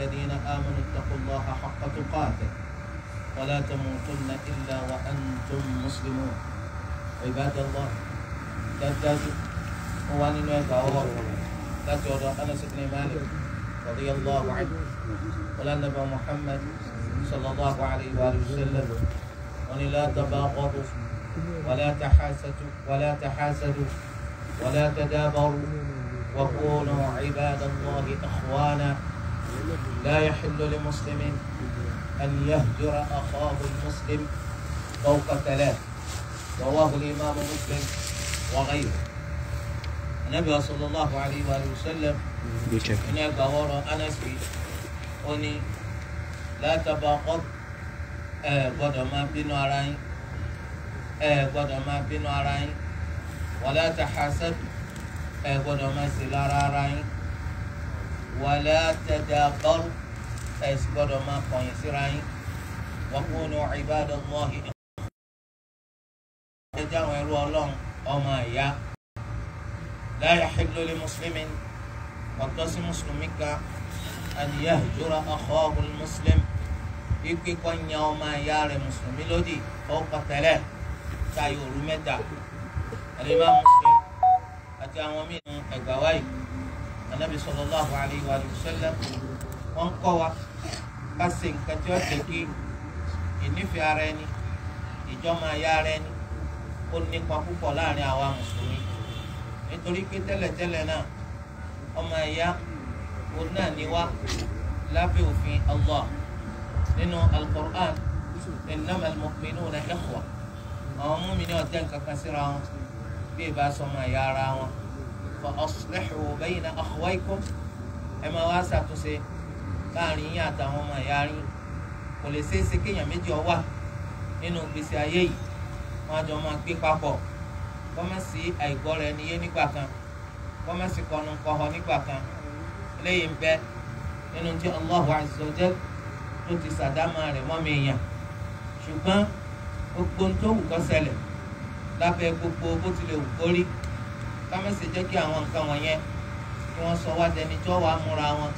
الذين آمنوا اتقوا الله حق تقاته ولا تموتن إلا وأنتم مسلمون عباد الله لا تجد موان لا تجد أنس بن مالك رضي الله عنه ولا نبي محمد صلى الله عليه وآله وسلم ولا لا تباغضوا ولا تحاسدوا ولا تحاسدوا ولا تدابروا وكونوا عباد الله اخوانا لا يحل لمسلم أن يهجر أخاه المسلم فوق ثلاث رواه الإمام مسلم وغيره النبي صلى الله عليه وآله وسلم هناك وراء أنس أني لا تباغض ẹ أه، ما بين bínú ara ما بين gbọ́dọ̀ ولا تحاسب أه، ara ما سلار tahasad wàlá tadabaru ẹ̀ sì gbọ́dọ̀ máa kọ̀yìn síra yín wa kunu ibadallahi ẹjẹ àwọn ẹrú Ọlọ́run ọmọ ìyá la yahillu li muslimin ọ̀tọ́ sí mùsùlùmí kan an yahjura akhahu al-muslim ikpe kọ́ nya ọmọ ìyá rẹ̀ mùsùlùmí lódì ọ̀pọ̀ tẹ́lẹ̀ ta yòrù mẹ́ta àdébá mùsùlùmí àti àwọn mìíràn anabi sallallahu alayhi wa sallam wọ́n ń kọ́ wa ká ṣe nǹkan tí ó ṣe kí ìnífẹ̀ẹ́ ara ẹni ìjọmọ ayá ara ẹni ó nípa púpọ̀ láàrin àwa mùsùlùmí nítorí pé tẹ́lẹ̀tẹ́lẹ̀ náà ọmọ ẹ̀yà òun náà ní wá lábẹ́ òfin Allah nínú al-Qur'an innama al-mu'minuna àwọn múmi ní ọ̀tẹ́ nǹkan síra wọn bí ìbá sọmọ ẹ̀yà ara wọn. فأصلحوا بين أخويكم ẹ máa wá ṣàtúnṣe láàrin yín àtàwọn ọmọ ìyá yín kò lè ṣeé ṣe kéèyàn méjì ó wà nínú gbèsè ayé yìí wọn àjọ máa gbé papọ̀ kọ́mẹ́sì àìgbọ́ra ẹni yé nígbà kan kọ́mẹ́sì kọnu kọ́họ nígbà kan eléyìí ń bẹ nínú tí Allahu azza wa jal ló ti ṣàdámà rẹ̀ mọ́mi èèyàn ṣùgbọ́n gbogbo ohun tó wù kó ṣẹlẹ̀ lábẹ́ gbogbo bó tilẹ̀ wù kó rí ká má ṣe jẹ́ kí àwọn nǹkan wọ̀nyẹn kí wọ́n sọ wá dẹni tí wọ́n wàá múra wọn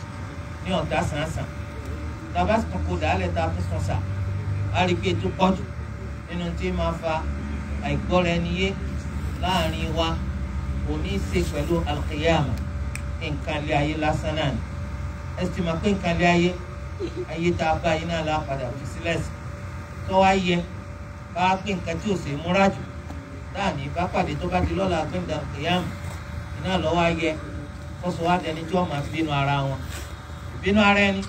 ní ọ̀dà sàǹsàn tàbá tún kó dàálẹ̀ tá a tún sùn sà á rí pé tó pọ̀ jù nínú tí máa fa àìgbọ́ra ẹni yé láàrin wa kò ní í ṣe pẹ̀lú alqiyama nǹkan lé ayé lásán náà ni ẹ máa pé nǹkan lé ayé ayé tá a bá yín náà lápadà fi sílẹ̀ sí tọ́wá yẹ bá a pé nǹkan tí ò sì múra jù táàní bá pàdé tó bá di lọ́la gbẹ̀ndà kìyàmù iná lọ́wọ́ ayẹ kọ́sọ wa dẹni tí wọ́n máa bínú ara wọn ìbínú ara ẹni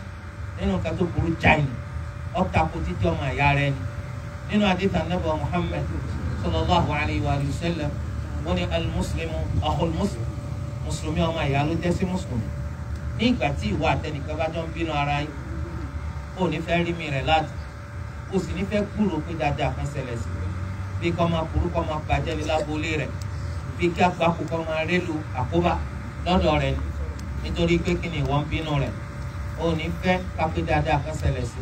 nínú nǹkan tó burú jáì ọ̀tà kò títí ọmọ ìyá rẹ ni nínú adéta nàbà Muhammad sallallahu alayhi wa sallam wọ́n ní alimuslimu akhul muslim mùsùlùmí ọmọ ìyá ló jẹ́ sí mùsùlùmí ní ìgbà tí ìwọ àtẹnìkan bá jọ ń bínú ara yín ó ní fẹ́ rí mi rẹ̀ láti ó sì ní fẹ́ gbúròó pé dáadáa kan ṣẹlẹ̀ sí bí kọ́ máa burú kọ́ máa bàjẹ́ ní lábúlé rẹ̀ bí kí agbáko kọ́ máa rélu àkóbá lọ́dọ̀ rẹ̀ nítorí pé kí ni ìwọ ń bínú rẹ̀ ó ní fẹ́ kápé dáadáa kan ṣẹlẹ̀ sí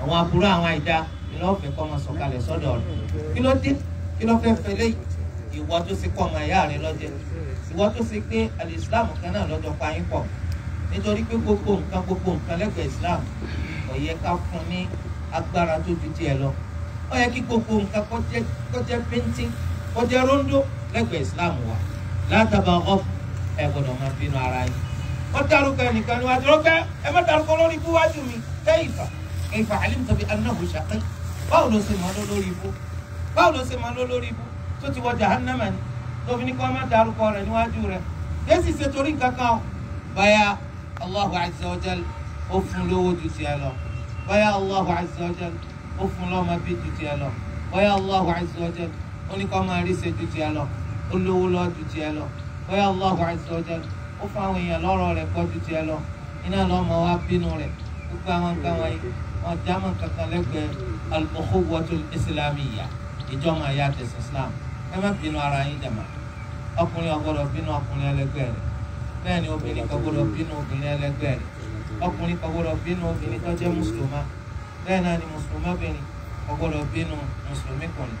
àwọn aburú àwọn àìda ìlọ́ọ̀fẹ́ kọ́ máa sọ̀kalẹ̀ sọ́dọ̀ rẹ̀ kí ló dé kí ló fẹ́ fẹ́ léyìí ìwọ tó ṣe kọ́ ọmọ ìyá rẹ lọ́jẹ́ ìwọ tó ṣe pé alìsílám kan náà lọ́jọ́ pa yín pọ̀ nítorí pé gbogbo nǹkan gbogbo nǹkan lẹ́gbẹ̀ẹ́ ìsìlám ó ó yẹ kí gbogbo nǹkan kó jẹ́ píntín kó jẹ́ róńdó islam wa látàbà ọ̀f ẹ gbọ́dọ̀ máa bínú ara yín wọ́n dárúkọ ẹnìkan ni wọ́n ti rọ́gbẹ́ ẹ má dárúkọ lórí ikú wájú mi kayfa kayfa alimta bi annahu shaqi báwo ló ṣe máa lọ lórí ibú báwo ló ṣe máa lọ lórí ibú tó ti wọ jahannama ni tóbi ní kí wọ́n má dárúkọ rẹ̀ níwájú rẹ̀ yéésì ṣe torí nǹkan kan báyà Allahu azza wa jal ó fún lówó ju tiẹ̀ lọ báyà Allahu azza wa jal ó fún lọ́mọ bí ju tiẹ̀ lọ bóyá Allahu azza wa jalla ó ní kọ́ máa rí ṣe ju tiẹ̀ lọ ó lówó lọ́ ju tiẹ̀ lọ bóyá Allahu azza ó fún àwọn èèyàn lọ́rọ̀ gbọ́ lọ iná bínú gbogbo àwọn nǹkan wọn já Islam ẹ má ara yín dàmà ọkùnrin bínú ọkùnrin obìnrin bínú obìnrin ọkùnrin bínú obìnrin bẹ́ẹ̀ náà ni mùsùlùmí obìnrin ọgbọ́dọ̀ bínú mùsùlùmí kùnrin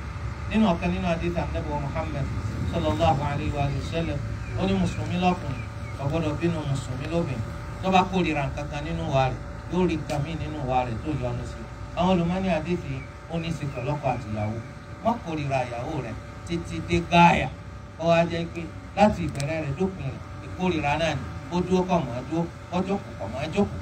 nínú ọ̀kan nínú àdìtà nẹ́bọ̀ Muhammad sallallahu alayhi wa sallam ó ní mùsùlùmí lọ́kùnrin ọgbọ́dọ̀ bínú mùsùlùmí lóbìnrin tó bá kórìíra nǹkan kan nínú wa rẹ̀ yóò rí nǹkan míì nínú wa rẹ̀ tó yọnu sí àwọn olùmọ́ni àdìtì ó ní ṣe pẹ̀lọ́kọ àtìyàwó má kórìíra ìyàwó rẹ̀ títí dé gáàyà ó wá jẹ́ pé láti ìbẹ̀rẹ̀ rẹ̀ dópin rẹ̀ ìkórìíra náà ni ó dúró kọ̀ mọ́ dúró ó kọ̀ mọ́ jókòó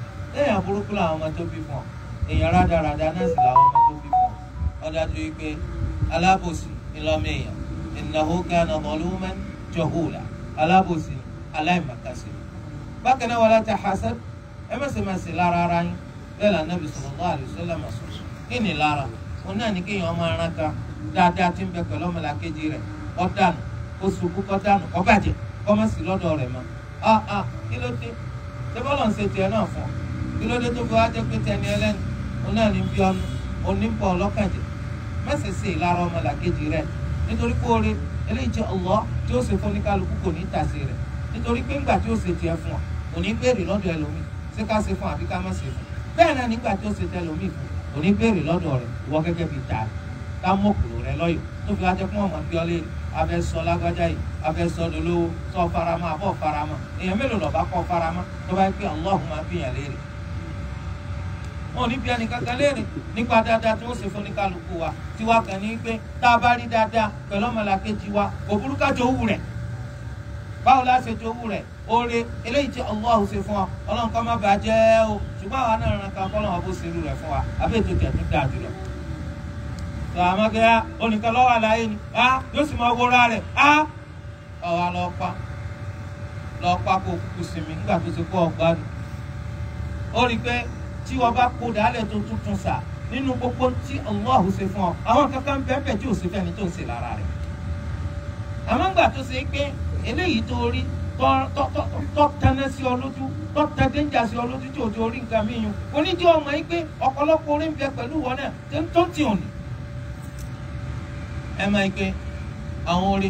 èèyàn burúkú làwọn ọmọ tó bí fún ọ èèyàn rádaràda náà sì làwọn ọmọ tó bí fún ọ ó dájú wípé alábòsí ńlọmọ èèyàn innahu kana zaluman jahula alábòsí aláìmọ̀kàsí. bákan náà wala tahasad ẹ má ṣe máa ṣe lára ara yín bẹ́ẹ̀ lànà bí sallallahu alaihi wasallam sọ kí ni lára òun náà ní kéèyàn ọmọ aràn kan dáadáa tí ń bẹ pẹ̀lú ọmọlàkejì rẹ̀ ó dànù ó ṣubú kó dànù kó bàjẹ́ kó má sí ah, ah. kí ló dé ṣé ń ṣe tiẹ̀ náà fún ọ kí ló dé tó fi wá jẹ́ pé tẹni ẹlẹ́ni òun náà ní bí ọnu òun ní bọ̀ ọlọ́kànjẹ́ má ṣe ṣe ìlara ọmọ làkejì rẹ nítorí pé oore eléyìí jẹ́ Allah tí ó ṣe fún oníkálukú kò ní tàṣe rẹ nítorí pé ńgbà tí ó ṣe tiẹ̀ fún ọ kò ní béèrè lọ́dọ̀ ẹlòmíì ṣé ká ṣe fún àbí ká má ṣe fún bẹ́ẹ̀ náà nígbà tí ó ṣe tẹlòmíì fún kò ní béèrè lọ́dọ̀ rẹ ìwọ gẹ́gẹ́ bíi tààrí ká mọ̀kùrò rẹ lọ́yọ̀ tó fi wá fún ọmọ bíọ́lé abẹ lágbájá yìí abẹ sọ sọ farama abọ farama èèyàn mélòó lọ bá kọ farama tó bá yẹ pé Allahumma fi hàn léèrè wọn ò ní bí ẹnìkankan léèrè nípa dáadáa tí wọ́n ṣe fún oníkálukú wa tiwa kàn ní pé tá a bá rí dáadáa pẹ̀lú ọmọlàkejì wa kò burú ká rẹ̀ báwo la ṣe jowú rẹ̀ oore eléyìí tí Allahu ṣe fún ọ ọlọ́run kọ́ má bàa jẹ́ o ṣùgbọ́n àwa náà ràn kan kọ́lọ́run ọbọ̀ ṣerú rẹ̀ fún wa àbẹ́ ètò tẹ̀tún dáa jùlọ. sọ àmọ́gẹ́yà oníkan lọ́wọ́ àlàyé ni a yóò sì máa wọra rẹ̀ a ọ̀wà lọ pa lọ pa kó kùsùn mi nígbà tó ti kó ọgbà ni. ó rí i pé tí ọba kó dálẹ̀ tó tuntun sà nínú gbogbo tí Allah ṣe fún ọ àwọn kankan bẹ́ẹ̀ tí ò ṣe fẹ́ni tó ń ṣe lára rẹ̀ àmọ́ ńgbà tó ṣe pé eléyìí tó rí tọ́ tẹ́lẹ̀ sí ọ lójú tọ́ tẹ́ dénjà sí ọ lójú tí ò tó rí nǹkan mí yun onídìí ọmọ yìí pé ọ̀pọ̀lọpọ̀ orí ń bẹ pẹ̀lú wọn náà tó ti òní. ẹ máa ń pe àwọn orí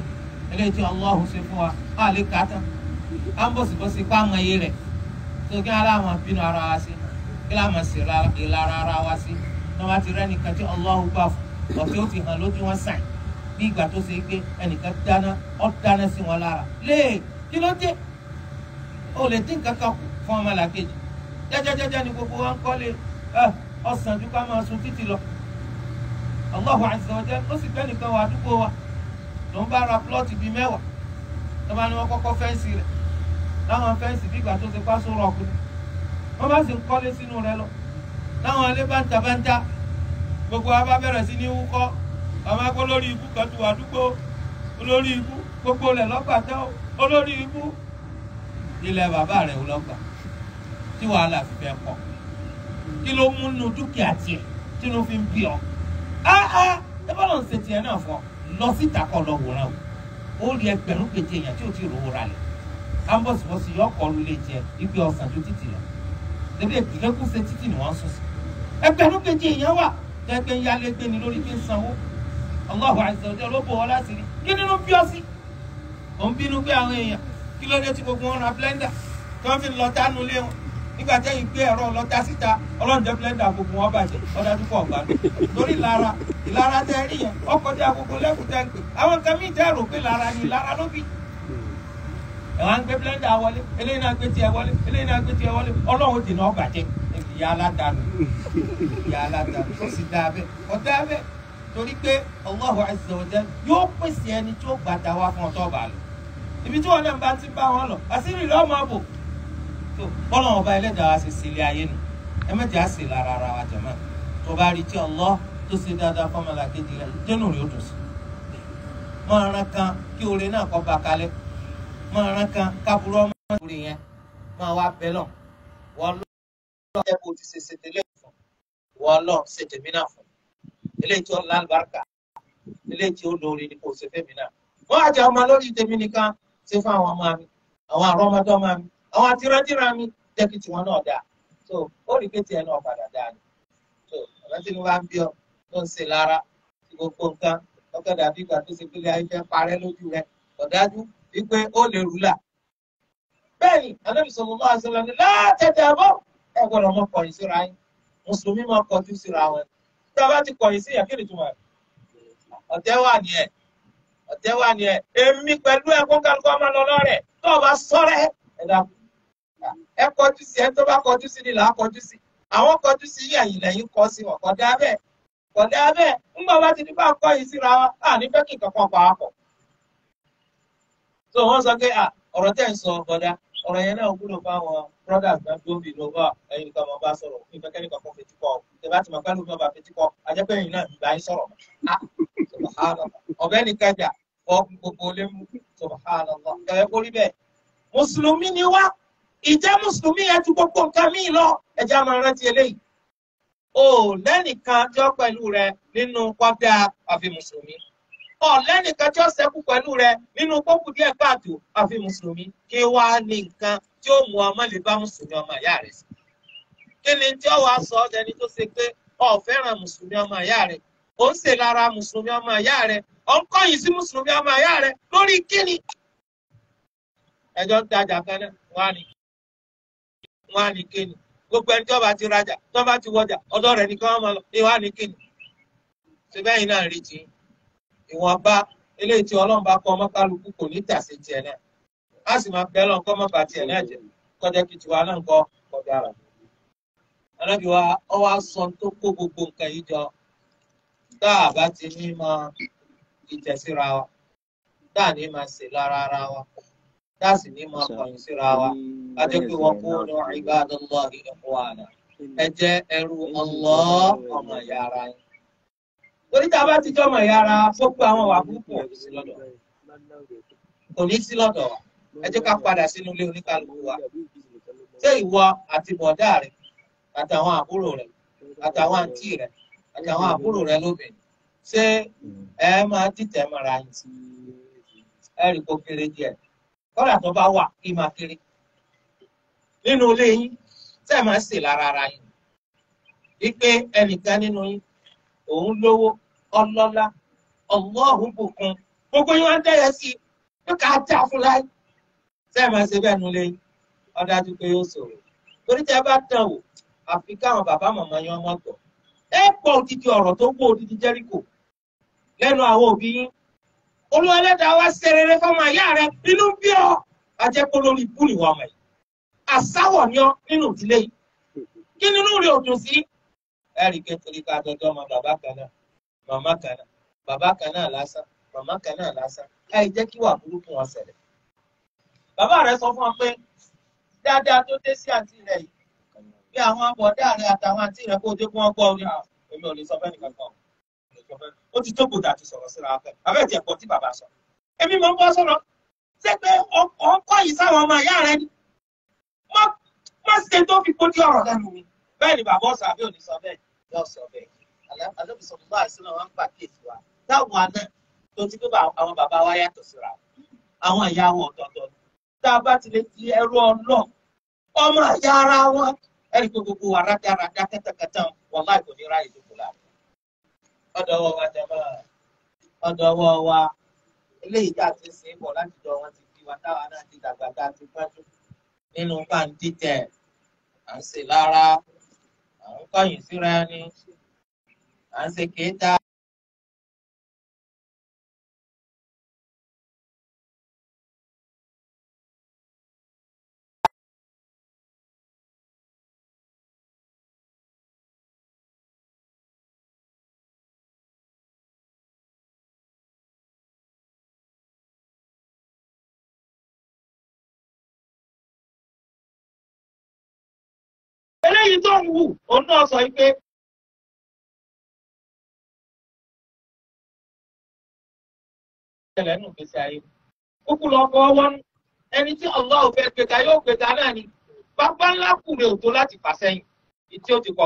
eléyìí tí Allah ṣe fún wa á lè kà á tán á ń bọ̀sibọ̀si pa àmọ̀ iye rẹ̀ tó kí aláwọ̀ bínú ara wa sí kí láà máa ṣe ìlara ara wa sí tí wọ́n bá ti rẹ́nìkan tí Allahu gbà fún ọ̀tí ó ti hàn lójú wọn sàn bí ìgbà tó ṣe pé ẹnìkan dáná ọ́ dáná sí wọn lára léè kí ló dé o lè dín kankan kù fún ọmọ làkejì jẹjẹjẹjẹ ni gbogbo wa ń kọ́lé ọ̀sán ah, ju ká máa sun títì lọ Allahu azza ó sì gbẹ́ nìkan wà àdúgbò wa ló ń bá ra plọ́ọ̀tì bíi mẹ́wàá tó bá wọ́n kọ́kọ́ fẹ́ǹsì rẹ̀ láwọn fẹ́ǹsì bí ìgbà tó ṣe pásó rọ̀kùnrin wọ́n bá sì ń kọ́lé sínú rẹ̀ lọ láwọn alẹ́ bántabántá gbogbo wa bá bẹ̀rẹ̀ sí ní wúkọ́ àwọn akọ́ lórí ikú kan tó wà dúgbò olórí ikú gbogbo rẹ̀ lọ́gbà tán olórí ikú ilẹ̀ bàbá rẹ̀ ò lọ́gbà tí wàhálà fi fẹ́ pọ̀ kí ló mú nu dúkìá tiẹ̀ tí ló fi ń bí ọ áá ẹ bá lọ ń ṣètì ẹ náà fọ lọ síta kọ lọ wòran o ó rí ẹgbẹ̀rún kejì èèyàn tí ò tí ì rówó ra lẹ̀ ambọ̀sibọ̀sì yọ ọkọ̀ ọ̀run lè jẹ ibi ọ̀sán ju títì lọ dédé ìkẹ́kùsẹ títì ni wọ́n sùn sí ẹgbẹ̀rún kejì èèyàn wà tẹgbẹ yálé gbé ni lórí fi ń sanwó Allahu azza wa jalla olóbò ọlá sí ni kí nínú bí ọ sí òun bínú pé àwọn èèyàn kí ló dé tí gbogbo wọn ra blender tí wọ́n fi lọ tánu lé wọn nígbà tẹ́yìn gbé ẹ̀rọ lọ́tà síta ọlọ́run jẹ́ blender gbogbo wọn bàjẹ́ ọ̀dà dúpọ̀ ọ̀gbà lórí ìlara ìlara tẹ́ rí yẹn ọkọ̀ dé agogo lẹ́kùn tẹ́ ń pè àwọn kan mí tẹ́ rò pé ìlara ni ẹ wá ń gbé blender wọlé eléyìí náà gbé tiẹ̀ wọlé eléyìí náà gbé tiẹ̀ wọlé ọlọ́run dènà ọgbà jẹ ìyá aládàánu ìyá aládàánu ó sì dáa bẹ́ẹ̀ ó dáa bẹ́ẹ̀ torí pé Allahu azza wa yóò pèsè ẹni tí ó gbàdá wa fún ọtọ́ bàálù ibi tí wọn náà bá ti bá wọn lọ àṣírí rẹ ọmọ àbò tó bọ́lọ̀ ọba ẹlẹ́dàá wa ṣe sílé ayé nu ẹ mẹ́jẹ á sì lára ara wa jẹ̀mọ́ tó bá rí tí Allah tó ṣe dáadáa fọmọlá kejì rẹ dénú rẹ ó dùn sí mọ́ ara kan kí oore náà kọ́ ba kalẹ̀ máa rán kan kábúrú ọmọ ìwúrí yẹn máa wá bẹ́ẹ̀ lọ wọ́n lọ́ọ́ ẹ̀ bó ti ṣe ṣe tẹ́lẹ̀ fún wọ́n lọ́ọ́ ṣe tèmi náà fún eléyìí tí ó lálùbáríkà eléyìí tí ó lórí ni kò ṣe fẹ́mi náà wọ́n àjà ọmọ lórí tèmi nìkan ṣe fún àwọn ọmọ mi àwọn àrọ́mọdọ́ ọmọ mi àwọn àtìrántìrá mi jẹ́kí tiwọn náà dáa tó ó rí pé tiẹ̀ náà padà dáa ni tó ọ̀rẹ́ tí mo bá ń bí ọ tó ń ṣe lára gbogbo nǹkan ọkọ̀ dàbí ìgbà tó ṣe pé ayé fẹ́ parẹ́ lójú rẹ ọ̀dájú wípé o lè rúlà. bẹ́ẹ̀ni anábì sallallahu alaihi ni látẹ̀tẹ̀ àbọ̀ ẹ ọmọ mọ síra yín mùsùlùmí máa kọjú síra wọn. tí a bá ti kọ̀yìn sí yàkínì tó máa wà ní wà èmi kálukú ọmọ tó o bá ẹ kọjú ẹ tó bá kọjú sí sí àwọn kọjú sí so wọ́n sọ pé à ọ̀rọ̀ tẹ̀ ń sọ bọ̀dá ọ̀rọ̀ yẹn náà wúlò fáwọn brothers náà tó ń bì ló bá ẹyin nìkan máa bá sọ̀rọ̀ nǹkan kẹ́nìkan fún fetí kọ́ ìjọba ti máa kálù bá fetí kọ́ ajẹ́pẹ́ yìí náà ìgbà yín sọ̀rọ̀ ah, ọ̀bẹ nìkan jà fọ́ gbogbo lé mú subhanallah kẹ̀wé kórí bẹ́ẹ̀ mùsùlùmí ni wá ìjẹ́ mùsùlùmí yẹn ju gbogbo nǹkan míì lọ ẹ̀jẹ̀ máa rántí eléyìí o lẹ́nìkan jọ pẹ̀lú rẹ nínú kọ́dà àfi mùsùlùmí ọ̀lẹ́nìkan tí ó pẹ̀lú rẹ nínú kókù díẹ̀ káàtó àfi mùsùlùmí kí wá ní tí ó mú ọmọ lè bá mùsùlùmí ọmọ ìyá rẹ̀ kí ni tí ó wàá sọ ọ́ dẹni tó ṣe pé o fẹ́ràn mùsùlùmí ọmọ ìyá rẹ̀ ó ń ṣe lára mùsùlùmí ọmọ ìyá ó ń sí mùsùlùmí ọmọ ìyá lórí ẹjọ́ ń tajà kan náà ní ìwọ̀nba eléyìí tí ọlọ́run bá kọ́ ọmọkálukú kò ní tàsí tiẹ̀ náà a sì máa bẹ́ẹ̀ lọ́nkọ́ mọ́ bàtì ẹ̀ náà jẹ́ kọjá kìtì wa náà kọ́ kọjá wa ọ tó kó gbogbo nǹkan yìí jọ tá a bá ti ní mọ ìtẹ̀síra wa tá a ní máa ṣe lára ara wa tá a sì ní síra wa pé ní ẹ ọmọ ìyá ara oríta bá ti jọmọ ìyá ara fọ́pọ̀ àwọn wà púpọ̀ kò ní sí lọ́dọ̀ wa ẹ jẹ́ ká padà sínú ilé oníkálukú wa ṣé ìwọ àti bọ̀dá rẹ àtàwọn àbúrò rẹ àtàwọn àǹtí rẹ àtàwọn àbúrò rẹ lóbìnrin ṣé ẹ máa dìtẹ̀ mọ́ra yín ẹ rí kó kéré díẹ̀ kọ́dà tó bá wà kí máa kéré nínú ilé yín tẹ́ máa ń lára ara yín wípé ẹnìkan nínú yín òun lówó ọlọ́lá ọlọ́run bùkún gbogbo yín wá ń tẹ̀yẹ sí i yóò ká dá fún láyé sẹ́ẹ̀ máa ṣe bẹ́ẹ̀ nulẹ̀ yìí ọ̀dájú pé yóò sọ̀rọ̀ torí tí a bá tàn wò àfi káwọn bàbá màmá yẹn ọmọ gbọ́ ẹ pọ̀ òdìdí ọ̀rọ̀ tó gbó òdìdí jẹ́ríkò lẹ́nu àwọn òbí yín olúwa ẹlẹ́dàá wá ṣerere fọmọ àyá rẹ nínú bí ọ ajẹ́pọ̀ lórí ibú nìwọ ọmọ yìí àsáwọ̀ ni ọ nínú ìdílé yìí kí nínú rẹ òdùn sí ẹ̀rí pé torí ká dọdọ ọmọ bàbá kan náà màmá kan náà bàbá kan náà lásán màmá kan náà lásán ẹ̀ jẹ́ kí wà burúkú wọn ṣẹlẹ̀. bàbá rẹ̀ sọ fún ọ pé dáadáa tó dé sí àǹtí rẹ̀ yìí bí àwọn abọ̀dá rẹ̀ àtàwọn àǹtí rẹ̀ kó o dé kó wọ́n gbọ́ ọ ní àwọn èmi ò lè sọ fẹ́ẹ́ nìkan kan ó ti tó gbòdà ti sọ̀rọ̀ síra pẹ̀ abẹ́ ti ẹ̀kọ́ tí bàbá sọ èmi mọ̀ ń bọ́ sọ̀rọ̀ ṣé pé ọkọ̀ yìí sáwọn ọmọ ìyá rẹ ni má ṣe tó fi kó dí ọ̀rọ̀ lẹ́nu mi bẹ́ẹ̀ ni bàbá ọ̀sán àbí òní sọ bẹ́ẹ̀ yóò sọ bẹ́ẹ̀ alábì sọ fún àìsàn náà wọn ń wa táwọn tó ti pé àwọn bàbá wa yàtọ̀ síra àwọn ìyá wọn ọ̀tọ̀ọ̀tọ̀ tá bá ti ara wọn ẹni pé gbogbo wa kẹtàkẹtà wọn láì kò ní wa wa eléyìí tá a ti sìn láti ń kọ̀yìn síra ẹni à ń ṣe kéta. lórí tó ń wù òun náà sọ pé ìṣẹ̀lẹ̀ nù ẹni tí Allah fẹ́ yóò gbèga náà ni bàbá ńlá kùnrin ò tó láti fà sẹ́yìn ìtí ó ti kọ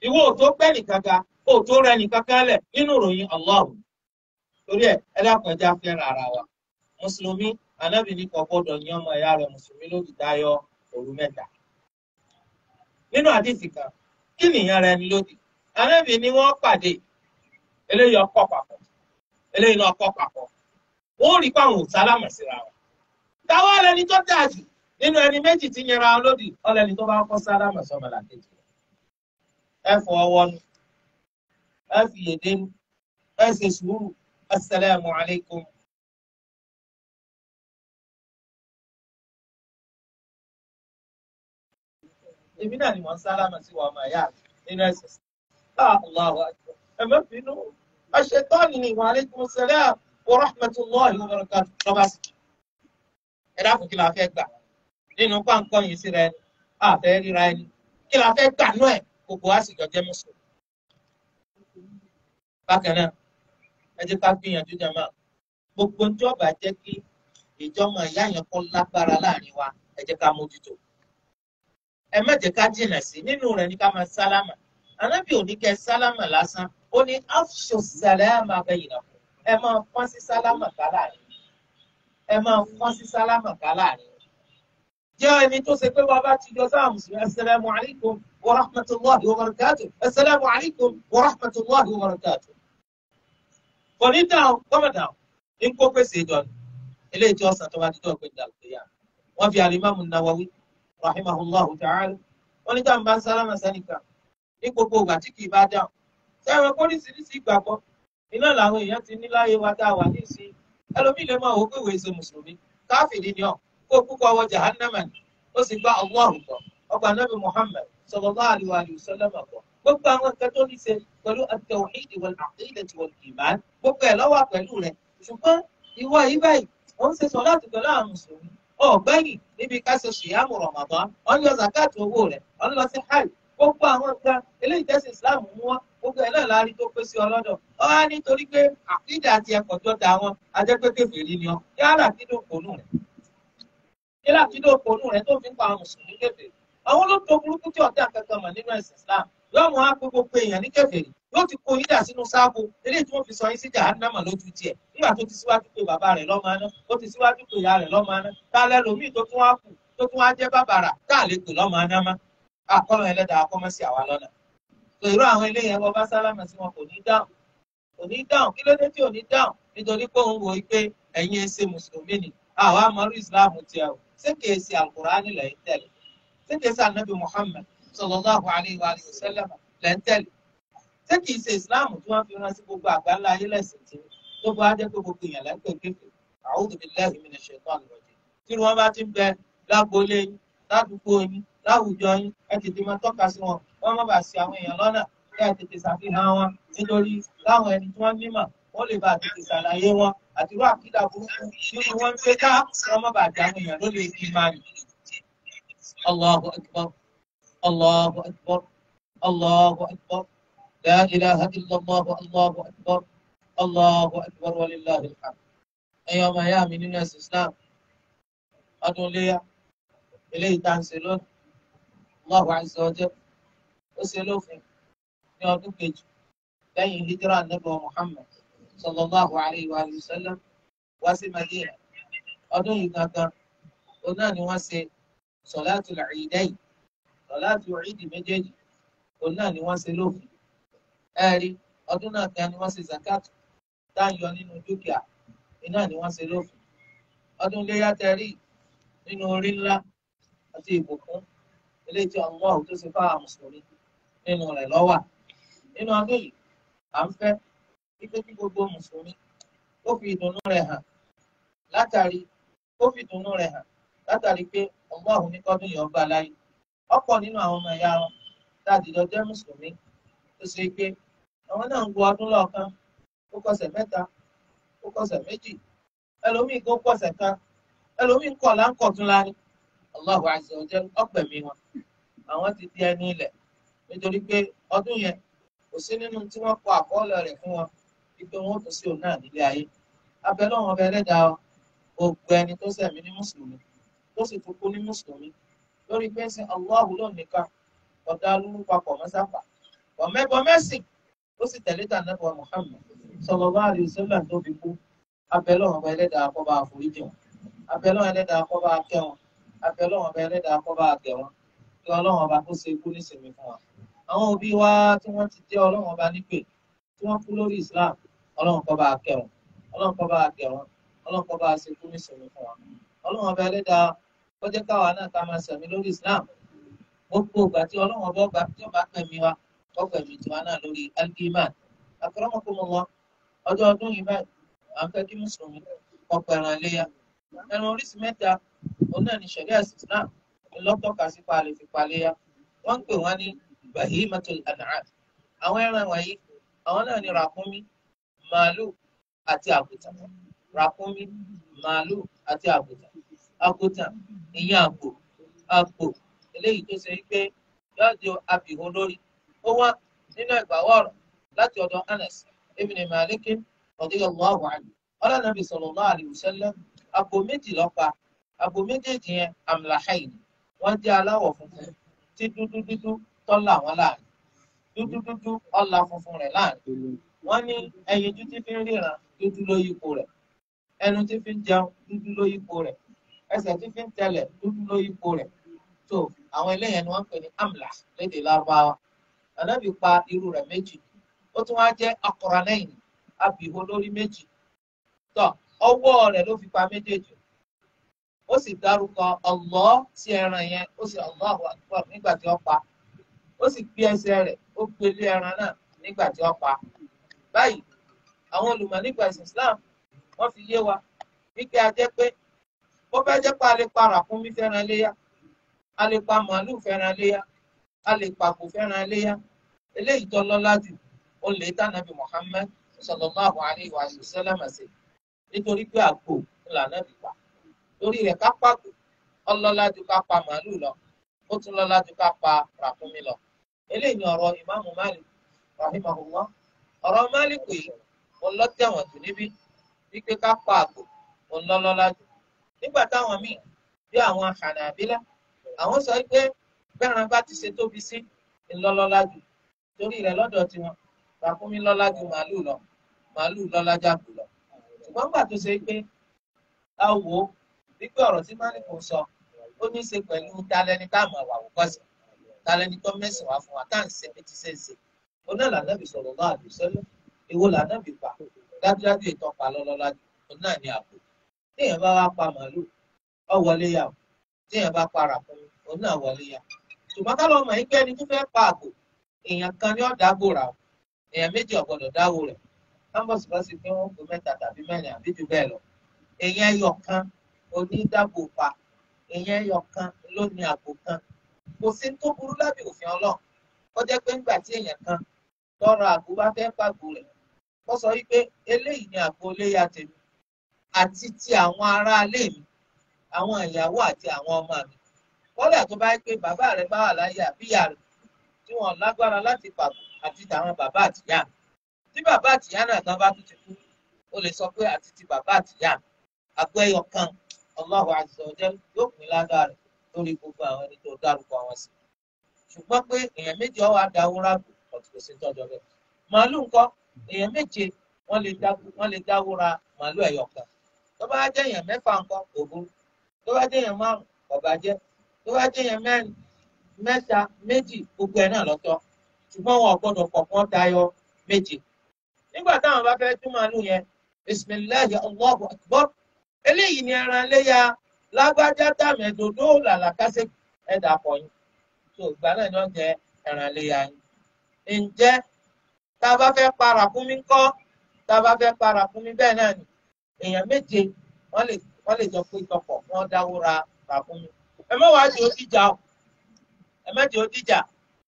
ìwọ nìkan rẹ nìkan lẹ̀ nínú ìròyìn Allah ẹ nínú àdìsí kan kí nìyẹn ara ẹni lódì àrẹ́bì ni wọ́n pàdé eléyìí ọkọ̀ papọ̀ eléyìí náà ọkọ̀ papọ̀ wọ́n rí pàwọn ò sálámà síra wọn. táwọn ẹlẹni tó dáa jù nínú ẹni méjì ti yẹra wọn lódì ọlẹni tó bá kọ́ sálámà sọmọ làkejì rẹ̀. ẹ fọ ọwọ́ nu ẹ fi èdè nu ẹ ṣe sùúrù asalaamualeykum èmi náà ni wọ́n sálámà sí wa ọmọ ẹ̀yà nínú ẹ̀sìn ah, Allahu akbar ẹ má bínú aṣetọ́ni ni wa alaykum assalam wa rahmatullahi wa barakatuh lọ́ba sí i ẹ dákun kí la fẹ́ gbà nínú pàǹkọ́ yìí sí rẹ àfẹ́ ríra ẹni kí la fẹ́ gbà náà ẹ̀ gbogbo wa sì jọ jẹ́ mùsùlùmí. bákan náà ẹ jẹ́ ká gbìyànjú jẹ́ máa gbogbo ń jẹ́ kí ìjọmọ̀ ìyá yẹn kó lágbára láàrin wa ẹ jẹ́ ká mójútó ẹ má jẹ́ ká jìnà sí nínú rẹ̀ ní ká máa sálámà anábì ò ní kẹ́ sálámà lásán ó ní afṣọ sàlámà bẹyìn náà ẹ máa fọ́n sí sálámà ká láàrin ẹ máa fọ́n sí sálámà ká láàrin jẹ́ ẹni tó ṣe pé wọ́n bá ti jọ sáà mùsùlùmí asalaamu alaykum wa rahmatulahi wa barakatu asalaamu alaykum wa dáhùn gọ́mọ̀dà ní kó pèsè ìjọ ilé ìjọsìn tó bá ti jọ gbẹ̀dà wọ́n fi àlímámù Nawawi rahimahullahu ta'ala wọ́n ní tá à ń bá sálámà sẹ́nìkà ní gbogbo ìgbà tí kìí bá dáhùn sẹ́wọ̀n kórìsìírísìí ìgbàgbọ́ iná làwọn èèyàn ti ní láyé wa tá a wà ní ìsìn ẹlòmíì lè máa wò pé ìwé ṣe mùsùlùmí káfíìrì ni ọ kó púpọ̀ wọ jahannama ni ó sì gba Allahu ṣe sọ láti pẹ̀lú àwọn mùsùlùmí ọ̀gbẹ́yìn níbi ká ṣe ṣìyàmù Ramadan ọ̀n yọ zakat owó rẹ̀ ọ̀n lọ sí hajj gbogbo àwọn nǹkan eléyìí tẹ́sí Islam mú wọn gbogbo ẹ̀ náà láàrin tó pé sí ọlọ́dọ̀ ọ á nítorí pé àkídà àti ẹ̀kọ́ tó da wọn ajẹ́pẹ́kẹ́ fèrè ni ọ yálà kídó òpònú rẹ̀ yálà kídó òpònú rẹ̀ tó fi ń pa àwọn mùsùlùmí kèfèrí àwọn olóòtú burúkú tí ọ̀tá kankan mọ̀ nínú ẹ̀sìn Islam yóò mú wá gbogbo èèyàn ní kèfèrí yóò ti kó yín dà sínú sáàbù eléyìí tí wọ́n fi sọ yín sí jahannama lójú tiẹ̀ nígbà tó ti síwájú pé bàbá rẹ̀ lọ́mọ aná ó ti síwájú pé ìyá rẹ̀ lọ́mọ aná tá a lẹ́nu omi tó tún wá kù tó tún wá jẹ́ bàbàrà tá a lè pè lọ́mọ aná má àkọ́lọ́ ẹlẹ́dàá akọ́mọ́ sí àwa lọ́nà. pẹ̀lú àwọn eléyẹn wọn bá sálámà sí wọn kò ní dáhùn kò ní dáhùn kí ló dé tí ò ní dáhùn nítorí pé òun wò ó pé ẹ̀yin ẹ̀ ṣe mùsùlùmí ni àwa amọ̀rú ìsìláàmù tiẹ̀ ṣé kìí ṣe islam tí wọ́n fi ránṣẹ́ gbogbo àgbáńlá ayé lẹ́sìn tí tó bá jẹ́ pé gbogbo èèyàn lẹ́gbẹ̀ẹ́ kéfì a'udhu billahi minash shaitanir rajim tí wọ́n bá ti ń bẹ lágboolé yín ládùúgbò yín láwùjọ yín ẹ tètè máa tọ́ka sí wọn wọ́n má bàa ṣì àwọn èèyàn lọ́nà ẹ tètè ṣàfihàn wọn nítorí láwọn ẹni tí wọ́n nímọ̀ wọ́n lè bá tètè ṣàlàyé wọn àti irú àkídà burúkú nínú wọn ń gbé ká wọ́n má bàa dààmú èèyàn ló lè di máa nì. Allahu akbar Allahu akbar Allahu akbar. لا إله إلا الله الله أكبر الله أكبر ولله الحمد ẹ̀yin ọmọ ẹ̀yà mi nínú ẹ̀sìn Islam ọdún léyà eléyìí tá à ń ṣe lónìí Allahu azza wa jalla ó ṣe lófin ní ọdún kejì lẹ́yìn hijira Ànábì Muhammad sallallahu alayhi wa sallam wá sí Madina ọdún yìí gangan òun náà ni wọ́n ṣe sọ̀láàtù Ìídàyìn sọ̀láàtù ìdì méjèèjì òun náà ni wọ́n ṣe lófin. ẹ̀rí ọdún náà kan ni wọ́n ṣe zakat táyọ nínú dúkìá iná ni wọ́n ṣe lófin ọdún iléyà tẹ̀rí nínú orí ńlá àti ìbùkún eléyìí tí ọ̀gbọ́n ọ̀hún tó ṣe fáwọn mùsùlùmí nínú rẹ̀ lọ́wà nínú ọdún yìí à ń fẹ́ gbogbo mùsùlùmí ó fi ìdùnnú rẹ̀ hàn látàrí ó fi ìdùnnú rẹ̀ hàn látàrí pé ọ̀hún ní kọ́dún ọmọ ẹ̀yà wọn tá jẹ́ mùsùlùmí àwọn náà ń wo ọdún lọ́ọ̀kan ó kọsẹ̀ mẹ́ta ó kọsẹ̀ méjì ẹlòmíì kó kọsẹ̀ kan ẹlòmíì ń kọ̀ láńkọ̀tún láni Allahu azza wa jalla ọ̀pẹ̀mí wọn àwọn ti di ẹni ilẹ̀ nítorí pé ọdún yẹn kò sí nínú tí wọ́n kọ àkọọ́lẹ̀ rẹ̀ fún wọn wípé wọ́n tún sí òun náà nílé ayé abẹ́lọ́wọ́n ọbẹ̀ ẹlẹ́dàá gbogbo ẹni tó ṣẹ̀mí ní mùsùlùmí tó sì tún kú ní mùsùlùmí lórí pé ń sin Allahu lónìí kan ọ̀dà alúlú papọ̀ mọ́sáfà ọ̀mẹ́bọ mẹ́sìn ó sì tẹ̀lé tà náà wà Muhammad sallallahu alaihi wasallam tó fi kú abẹ́lẹ́ ọ̀hún ẹlẹ́dàá kó bá àforíjì wọn abẹ́lẹ́ ọ̀hún ẹlẹ́dàá kó bá kẹ́ wọn abẹ́lẹ́ ọ̀hún ẹlẹ́dàá kó bá gẹ̀ wọn kí ọlọ́run ọba kó ṣe ikú nísìnyí fún wa. àwọn òbí wa tí wọ́n ti jẹ́ ọlọ́run ọba nípè tí wọ́n kú lórí Islam ọlọ́run kó bá kẹ́ wọn ọlọ́run kó bá gẹ̀ wọn ọlọ́run kó bá ṣe ikú nísìnyí fún wa. ọlọ́run ọba ẹlẹ́dàá kó káwa náà ká máa sẹ̀mí lórí Islam gbogbo ìgbà tí ọlọ́run ọba ọgbà tí ọba kẹ́mi wa ọgbà ètò tiwa náà lórí al-iman akramakumullah ọjọ́ ọdún yìí báyìí à ń fẹ́ kí mùsùlùmí ọ̀pọ̀ ẹ̀ràn léyà ẹran oríṣi mẹ́ta òun náà ni ṣẹ̀ríà Islam ńlọ́tọ̀ka sí palẹ̀ fi paléyà wọ́n ń pè wọ́n ní bahimatul an'am àwọn ẹran wọ̀nyí àwọn náà ni ràkúnmí màálù àti àgùntàn ràkúnmí màálù àti àgùntàn àgùntàn ìyẹn àgbò àgbò eléyìí tó ṣe wípé yóò di abìhó lórí ó wá nínú ẹgbà wọ̀rọ̀ láti ọ̀dọ̀ Anas ibn Malik radiyallahu anhu ọlọ́nàbí sallallahu alaihi wasallam àpò méjì lọ́pa àpò méjèèjì yẹn amlahayn wọ́n jẹ́ aláwọ̀ funfun tí dúdú dúdú tọ́lá wọn láàrin dúdú dúdú ọ̀la funfun rẹ̀ láàrin wọ́n ní ẹyinjú tí fi ń ríran dúdú ló yípo rẹ̀ ẹnu tí fi ń jẹun dúdú ló yípo rẹ̀ ẹsẹ̀ tí fi ń tẹlẹ̀ dúdú ló yípo rẹ̀ tó àwọn eléyẹn ni wọ́n pè ní amla lédè lárúbáwá ànábì pa irú rẹ̀ méjì ó tún wá jẹ́ akọ̀rànẹ́yìn abìhó lórí méjì tó ọwọ́ rẹ ló fi pa méjèèjì ó sì dárúkọ Allah sí ẹran yẹn ó sì Allahu Akbar nígbà tí ó pa ó sì gbé ẹsẹ̀ rẹ̀ ó gbé lé ẹran náà nígbà tí ó pa báyìí àwọn wọ́n fi yé wa wípé a pé bó pé a lè pa a lè pàkó fẹ́ràn iléyà eléyìí tó lọ́lá jù ó lè tànàbí Muhammad sallallahu alaihi wa sallam ṣe nítorí pé àgbò ńlànà bí pa lórí rẹ̀ ká pàkó ọlọ́lá jù ká pa màálù lọ ó tún lọ́lá jù ká pa ràkúnmí lọ eléyìí ni ọ̀rọ̀ ìmáàmù Malik rahimahullah ọ̀rọ̀ Malik yìí ọlọ́tẹ̀wọ̀n jù níbí wípé ká pa àgbò ọlọ́lọ́lá jù nígbà táwọn míì bí àwọn Hanabila àwọn sọ pé bẹ́ẹ̀ràn bá ti ṣe tóbi sí ńlọ́lọ́lá jù torí rẹ̀ lọ́dọ̀ tiwọn ràkúnmí lọ́lá ju màálù lọ màálù lọ́lá jàgbù lọ. ṣùgbọ́n gbà tó ṣe pé a wò ó wípé ọ̀rọ̀ tí malik sọ ó ní í ṣe pẹ̀lú talẹ́ni táàmù àwọn àwòkọ́sì talẹ́ni tó mẹ́sìn wá fún wa tá à ń ṣe bí ti ṣe ń ṣe. oná làdábì sọ̀rọ̀ bá àdùsọ́lẹ̀ èwo làdábì pa dájúdájú ìtàn pa lọ́lọ́lá jù òun náà ní àpò. téèyàn bá wá pa màálù ó wọlé yà ó téèyàn bá pa ràkúnmí òun náà wọlé yà ó ṣùgbọ́n ká lọ́mọ yín kẹ́ni tó fẹ́ pa àgbò èèyàn kan ní ọ̀dà àgbòrà èèyàn méjì ọ̀gbọ́dọ̀ dáwó rẹ̀ kámbọ̀sì bá sì pé wọ́n kó mẹ́ta tàbí mẹ́rin àbí jù bẹ́ẹ̀ lọ èèyàn ẹyọ kan onídàbò pa èèyàn ẹyọ kan ló ní àgbò kan kò sí tó burú lábẹ́ òfin ọlọ́run kó jẹ́ pé ńgbà tí èèyàn kan tọrọ àgbò bá fẹ́ pàgbò rẹ̀ kó sọ wípé eléyìí ni àgbò iléyà tèmi àti ti àwọn ará ilé mi àwọn ìyàwó àti àwọn ọmọ mi kọ́lá tó bá pé bàbá rẹ̀ bá wà láyé àbíyá rẹ̀ tí wọ́n lágbára láti pàbò àti tàwọn bàbá àtìyá tí bàbá àtìyá náà gan bá tún ti kú o lè sọ pé àti ti bàbá àtìyá àgbo ẹyọ kan Allahu azza wa jal yóò pín ládàá rẹ̀ lórí gbogbo àwọn ẹni tó dárúkọ wọn sí ṣùgbọ́n pé èèyàn méje ọwọ́ adáwó ráàbù ọ̀tún kò sí tọ́jọ́ rẹ̀ màálù ńkọ́ èèyàn méje wọ́n lè dáwó ra màálù ẹyọ kan tó bá jẹ́ èèyàn mẹ́fà ńkọ́ òbú tó bá jẹ́ èèyàn márùn-ún ọ̀bàjẹ́ tó bá jẹyàn mẹ́rin mẹ́ta méjì gbogbo ẹ̀ náà lọ́tọ̀ ṣùgbọ́n wọn ò gbọ́dọ̀ kọ̀ọ̀kan tayọ méje nígbà táwọn bá fẹ́ tún màálù yẹn bisimilahi allahu akbar eléyìí ni ẹran léya lágbájá tàmẹ̀dòdó làlàkàṣe ẹ̀dà pọ̀yìn tó ìgbà náà ni wọ́n jẹ ẹran léya yìí ǹjẹ́ tá a bá fẹ́ para fún mi kọ́ tá a bá fẹ́ para fún mi bẹ́ẹ̀ náà ni èèyàn méje wọ́n lè jọ pé ìtọ̀pọ̀ wọ́n dáwó ra ràkúnmí ẹ má wàá di ó o ẹ má di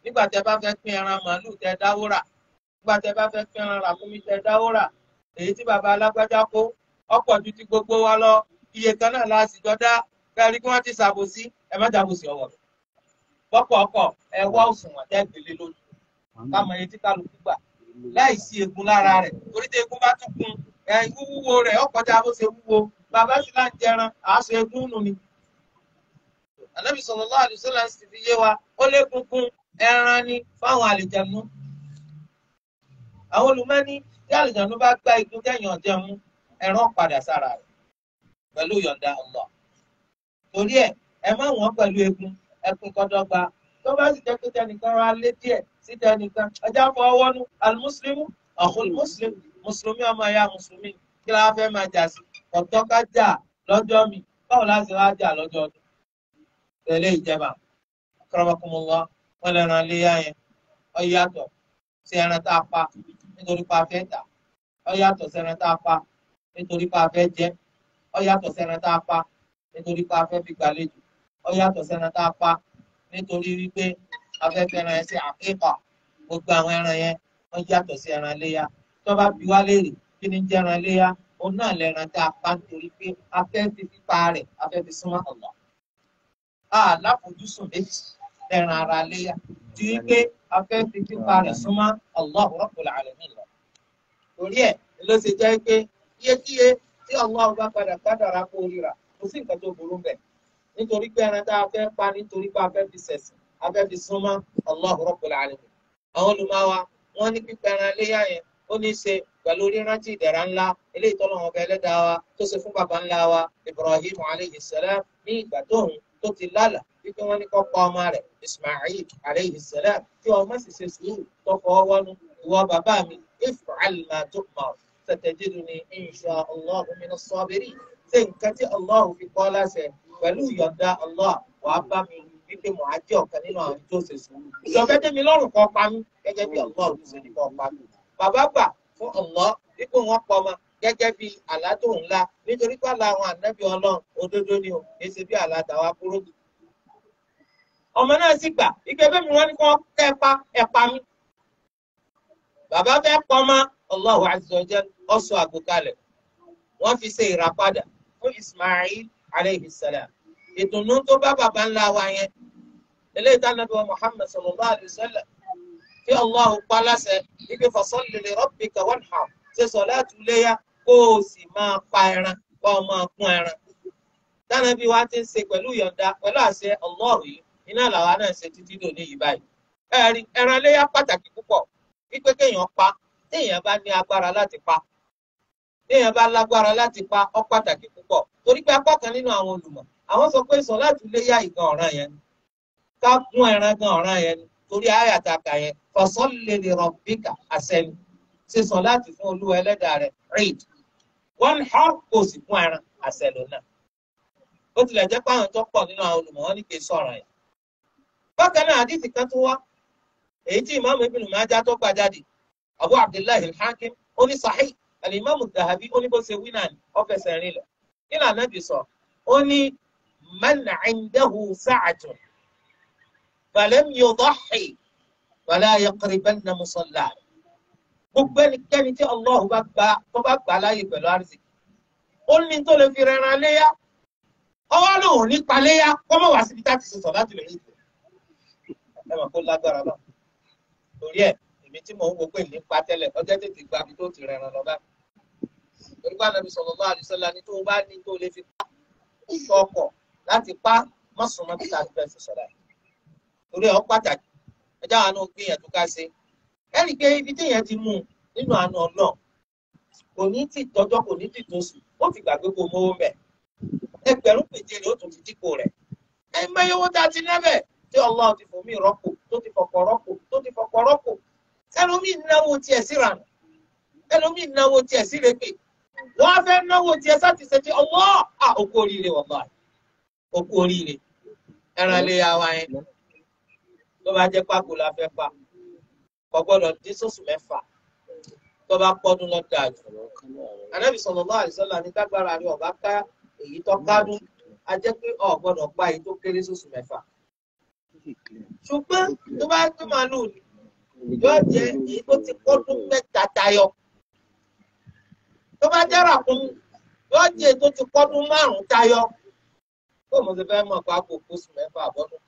nígbà tẹ bá fẹ́ pín ẹran màálù tẹ dáwó rà nígbà tẹ bá fẹ́ pín ẹran tẹ dáwó rà èyí tí bàbá alágbájá kó ọ̀pọ̀ ti gbogbo wa lọ iye kan náà la sì kẹrin ti ẹ ọwọ́ ọkọ̀ ẹ wá òṣùwọ̀n kámọ èyí tí kálukú gbà láì sí egun lára torí tí egun bá tún ẹ wúwo bó ṣe wúwo ànábì sallallahu alaihi wasallam sì fi yé wa ó lé gungun ẹran ni fáwọn àlìjànú àwọn olùmọ́ni tí àlìjànú bá gba igun kẹ́yìn ọ̀jẹ̀ mú ẹran padà sára rẹ̀ pẹ̀lú yọ̀ǹda Allah torí ẹ̀ ẹ má wọ́n pẹ̀lú egun ẹ̀pin kọ́dọ́gba tó bá sì jẹ́ pé tẹnìkan ra lé díẹ̀ sí tẹnìkan ẹjá fọwọ́ nu alimuslimu ọ̀hún mùsùlùmí mùsùlùmí ọmọ ẹ̀yà mùsùlùmí kí la fẹ́ máa jà sí ọ̀tọ́ ká jà lọ́jọ́ mi báwo láti wá jà lọ́jọ́ ọdún tẹ̀lé ìjẹba akramakumullah wọn lè ran iléyà yẹn ó yàtọ̀ sí ẹran tá a pa nítorí pa fẹ́ tà ó yàtọ̀ sí ẹran tá a pa nítorí pa fẹ́ jẹ ó yàtọ̀ sí ẹran tá a pa nítorí pa fẹ́ fi gbàlejò ó yàtọ̀ sí ẹran tá a pa nítorí wípé afẹ́fẹ́ ẹran yẹn sí àkíkà gbogbo àwọn ẹran yẹn wọ́n yàtọ̀ sí ẹran iléyà tó bá bi wá léèrè kí ni jẹ́ ẹran iléyà òun náà lẹ́ran tá a pa nítorí pé afẹ́ fi pípa rẹ̀ afẹ́ fi súnmọ́ Allah àláfojúsùn méjì ẹran ara léyà ju wípé a fẹ́ fi pípa rẹ̀ súnmọ́ Allahu Rabbul Alamin lọ. torí ẹ̀ ló ṣe jẹ́ pé iyekíye tí Allahu bá padà kádàrá kó ríra kò sí nǹkan tó burú bẹ̀ nítorí pé ẹran tá a fẹ́ pa nítorí pé a fẹ́ fi sẹ̀sìn a fẹ́ fi súnmọ́ Allahu Rabbul Alamin. àwọn olùmọ̀wá wọn ní pípa ẹran léyà yẹn ó ní í ṣe pẹ̀lú rírántí ìdẹ̀ra ńlá eléyìí tọ́lọ́wọ́n tó ti lálà wípé wọ́n ní kó pa ọmọ rẹ̀ Ismail aleyhi salam kí ọmọ sì ṣe sùúrù tó fọwọ́ wọnú ìwọ bàbá mi if'al ma tu'mar satajiduni insha Allah minas sabirin ṣé nǹkan tí Allah fi kọ́ láṣẹ pẹ̀lú ìyọ̀ǹda Allah wàá bá mi wípé mò á jẹ́ ọ̀kan nínú àwọn tó ṣe sùúrù ìjọba tẹ́mi lọ́rùn kọ́ pa mí gẹ́gẹ́ bí Allah ṣe ní kọ́ pa mí bàbá gbà fún Allah gẹ́gẹ́ bí àlá tó ńlá nítorí pé àlá àwọn ànábì ọlọ́run òdodo ni o kì í ṣe bí àlá tàwa kúrò. ọmọ náà sì gbà ike bẹ́ẹ̀ mi wọ́n ní kọ́ kẹ́pa ẹ̀pa mi. bàbá fẹ́ pọ́ mọ́ Allahu azza wa jal ọ̀ṣọ́ àgbékalẹ̀ wọ́n fi ṣe ìràpadà fún Ismail aleyhi salam. ìdùnnú tó bá bàbá ńlá wa yẹn eléyìí tá nàbẹ̀wò Muhammad sallallahu alayhi wa sallam fi Allahu pa láṣẹ ike fasalli li rabbika wanhar ṣe sọ̀láàtù léyà kó o sì máa pa ẹran kó o máa kún ẹran dáná bí wàá ti ń ṣe pẹ̀lú ìyọ̀ǹda pẹ̀lú àṣẹ ọlọ́ọ̀rù yìí iná làwa náà ṣe títí dòní yìí báyìí ẹ̀rí ẹran léyà pàtàkì púpọ̀ wípé kéèyàn pa téèyàn bá ní agbára láti pa téèyàn bá lágbára láti pa ó pàtàkì púpọ̀ torí pé apá kan nínú àwọn olùmọ̀ àwọn sọ pé sùn láti léyà ìgan ọ̀ràn yẹn ká gún ẹran gan ọ̀ràn yẹn ni torí àyàtàkà yẹn fọ̀sọ́lélẹ̀ rọ̀bíkà àṣẹ ni ṣe sùn láti fún olú ẹlẹ́dàá rẹ̀ rìd wọ́n há kò sì fún ẹran àṣẹ lónà ó tilẹ̀ jẹ́ pé àwọn tó pọ̀ nínú àwọn olùmọ̀ wọn ní kì í sọ̀rọ̀ yẹn. bákan náà àdìsí kan tún wá èyí tí ìmáàmù Ibn Majah tó gbà jáde Abu Abdullahi al-Hakim ó ní sahih al-Imam al-Dhahabi ó bó ṣe wí náà ní ọ́fẹ̀sẹ̀ rìn lọ kí lànà sọ ó ní man 'indahu sa'atun falam yudahhi fala yaqribanna musalla rẹ̀ gbogbo ẹnikẹ́ni tí Allah bá gbà tó bá gbà láàyè pẹ̀lú àrísì ó ní tó lè fi rẹran léyà ọwọ́ lòun nípa léyà kọ́ mọ̀ wá síbi tá a ti sọ̀tọ̀ láti lè yí ìgbò ẹ mọ̀ kó lágbára bá torí ẹ̀ èmi tí mò ń wo pé nípa tẹ́lẹ̀ ọjọ́ tètè gba mi tó ti rẹran lọ bá torí pé Ànábì sallallahu ni tó bá ní tó lè fi pa sọ ọkọ̀ láti pa mọ̀sùnmọ́ bí tá fẹ́ sọ̀rọ̀ torí ọ̀ pàtàkì ẹ rí i pé ibi téèyàn ti mú un nínú àna náà kò ní tí tọjọ́ kò ní tí tóṣù ó ti gbàgbé kó mówó mẹ́ ẹgbẹ̀rún péjì ni ó tún ti dípò rẹ̀ ẹ mẹ́yẹ owó tá a ti lẹ́bẹ̀ tí Allah ti fòmí rọ́pò tó ti fọkọ̀ rọ́pò tó ti fọkọ̀ rọ́pò ẹlòmíì náwó tiẹ̀ síra nù ẹlòmíì náwó tiẹ̀ síre pé wọ́n á fẹ́ náwó tiẹ̀ sátìsẹ́ tí Allah à òkú oríire wọ̀gbà òkú oríire ẹran lè yà wá yẹn ló bá jẹ́ pákó la fẹ́ pa kò gbọ́dọ̀ dín sóṣù mẹ́fà tó bá pọ́dún lọ dáa jù anábì sallallahu alaihi wasallam ní tágbára rẹ ọba ká èyí tó kádùn a jẹ́ pé o gbọ́dọ̀ pa èyí tó kéré sóṣù mẹ́fà ṣùgbọ́n tó bá tó màálù yóò jẹ́ èyí tó ti pọ́dún mẹ́ta tayọ tó bá jẹ́ ràkúnmí yóò jẹ́ èyí tó ti pọ́dún márùn-ún tayọ bó mo ti fẹ́ mọ̀ pé àpò oṣù mẹ́fà àbọ́dún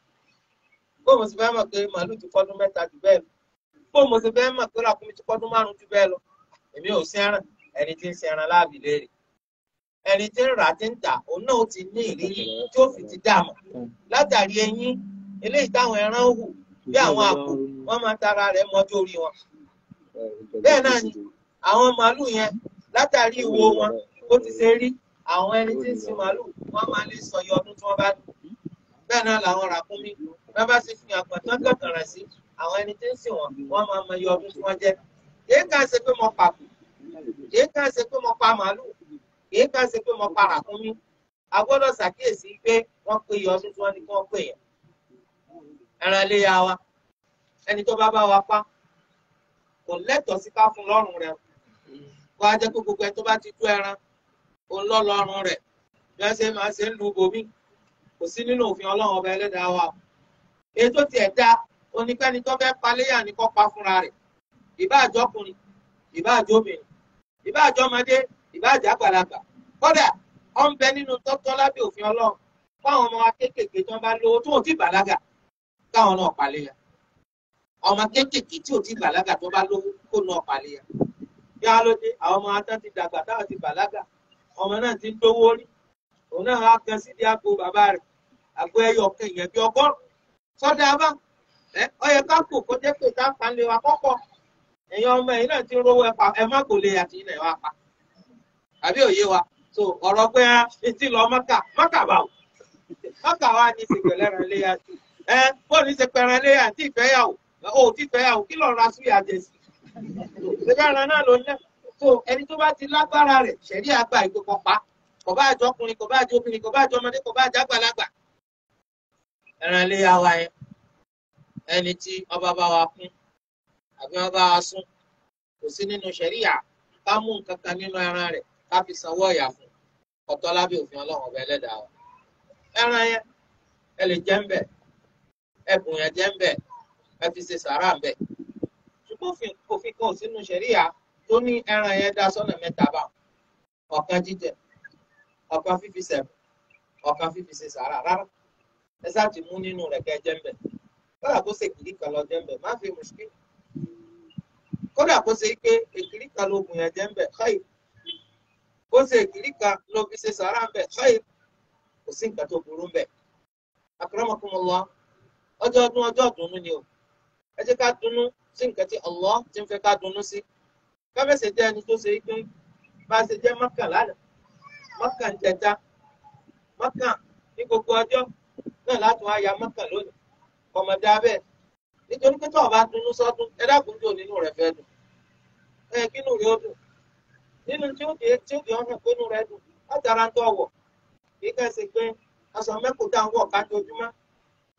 bó mo ti fẹ́ mọ̀ pé màálù ti pọ́dún mẹ́ta jù bẹ́ẹ̀ lọ bó mo ṣe fẹ́ mọ̀ pé làkúnmí ti pọ́dún márùn-ún jù bẹ́ẹ̀ lọ èmi ò sẹ́ràn ẹni tí ń sẹ́ràn láàbì léèrè ẹni tí ń rà tí ń tà òun náà ti ní ìrírí tí ó fi ti dààmú látàrí eyín eléyìí táwọn ẹran hù bí àwọn àpò wọn máa tara rẹ̀ mọ́jú orí wọn bẹ́ẹ̀ náà ni àwọn màálù yẹn látàrí ìwo wọn ó ti ṣe rí àwọn ẹni tí ń sin màálù wọn máa lè sọ iye ọdún tí wọn bá lù bẹ́ẹ̀ náà làwọn ràkúnmí bá bá ṣe fi hàn pàtàkì kàkàrà sí àwọn ẹni tí ń sìn wọn wọn máa mọ iye ọdún tí wọ́n jẹ́ kìí kàn ṣe pé mo pàkó kìí kàn ṣe pé mo pa màálùú kìí kàn ṣe pé mo pa ràkúnmí a gbọ́dọ̀ ṣàkíyèsí pé wọ́n pé iye ọdún tí wọ́n ní kí wọ́n pè yẹn ẹran iléyà wa ẹni tó bá bá wa pa kò lẹ́tọ̀ọ́ sí ká fún lọ́rùn rẹ̀ kó a jẹ́ pé gbogbo ẹ tó bá ti tú ẹran òun lọ́ lọ́rùn rẹ̀ bí wọ́n ṣe máa ṣe ń lu bòmí kò sí nínú òfin ọlọ́run ọba ẹlẹ́dàá wa èyí tiẹ̀ dá oníkẹ́ni tó fẹ́ paléyà ní kó pa fúnra rẹ̀ ìbá àjọkùnrin ìbá àjọbìnrin ìbá àjọmọdé ìbá àjàgbàlagbà kódà ó ń bẹ nínú tọ́tọ́ lábẹ́ òfin ọlọ́run fáwọn ọmọ wa kéékèèké tó ń bá lówó tó ò tí bàlágà káwọn náà paléyà ọmọ kéékèèké tí ò tí bàlágà tó bá lówó kó náà paléyà bí a ló dé àwọn ọmọ atán ti dàgbà táwọn ti bàlágà ọmọ náà ti ń dówó rí òun náà wá gan sídìí àpò bàbá rẹ̀ àgbo ẹyọ kẹyìn ẹbí ọgọ́rùn sọdá bá ọ yẹ ká kù kó jẹ́ pé dáta lè wa kọ́kọ́ èèyàn ọmọ ẹ̀yìn náà ti ń rówó ẹ̀pà ẹ má kò lè àti ilẹ̀ wa pa àbí òye wa so ọ̀rọ̀ pé ẹ ti lọ mọ́kà mọ́kà bá wò mọ́kà wa ní ti pẹ̀lẹ́ rẹ̀ léyà sí ẹ bóun ní ti pẹ̀rẹ̀ léyà tí ìfẹ́yàwó ó ti fẹ́yàwó kí lọ́ọ́ ra súyà jẹ sí ìbára náà ló ná so ẹni tó bá ti lágbára rẹ̀ ṣẹ̀rí àgbà ìgbòkọ̀ pa kò bá àjọ ọkùnrin kò bá àjọ obìnrin kò bá àjọ ọmọdé kò bá àjọ àgbàlagbà ẹran léyà wa yẹn ẹni tí ọba bá wa kún àbí wọn bá wa sún kò sí nínú ṣẹríyà ká mú nǹkan kan nínú ẹran rẹ̀ ká fi sanwó ọ̀yà fún ọ̀tọ̀ lábẹ́ òfin Ọlọ́run ọba Ẹlẹ́dàá wa ẹran yẹn ẹ lè jẹ ń bẹ ẹbùn yẹn jẹ ń bẹ ẹ fi ṣe sàrà ń bẹ ṣùgbọ́n òfin kan ò sínú ṣẹríyà tó ní ẹran yẹn dá sọ́nà mẹ́ta bá ọ̀kan jíjẹ ọ̀kan fífi sẹ̀bù ọ̀kan fífi ṣe sàrà rárá ẹ sáà ti mú nínú rẹ̀ kẹ́ jẹ́ ń bẹ̀ kódà kó ṣe èkìrí kan lọ jẹ́ ń bẹ̀ má fi mùsùlùmí kódà kó ṣe pé èkìrí kan ló gùn yẹn jẹ́ ń bẹ̀ xayì kó ṣe èkìrí kan ló fi ṣe sàárà ń bẹ̀ xayì kò sí nǹkan tó burú ń bẹ̀. akramakumullah ọjọ́ ọdún ọjọ́ ọ̀dùnnú ni o ẹ jẹ́ ká dunnú sí nǹkan tí Allah ti ń fẹ́ ká dunnú sí kábẹ́sẹ̀ jẹ́ ẹni tó ṣe pé bá a ṣe jẹ́ Mákà lánàá jẹta Mákà ní gbogbo ọjọ́ náà láti wá ya Mákà lónìí kọmọ dá bẹ́ẹ̀ nítorí pé tó o bá dunnú sọ́dún ẹ dákun tó nínú rẹ̀ fẹ́ dùn ẹ kínú rẹ̀ ó dùn nínú tí ó dé tí ó dé ọ̀hún pé inú rẹ̀ dùn látara ń tọ̀wọ̀ kí ká ṣe pé aṣọ mẹ́kò tá à ń wọ̀ kájọjúmọ́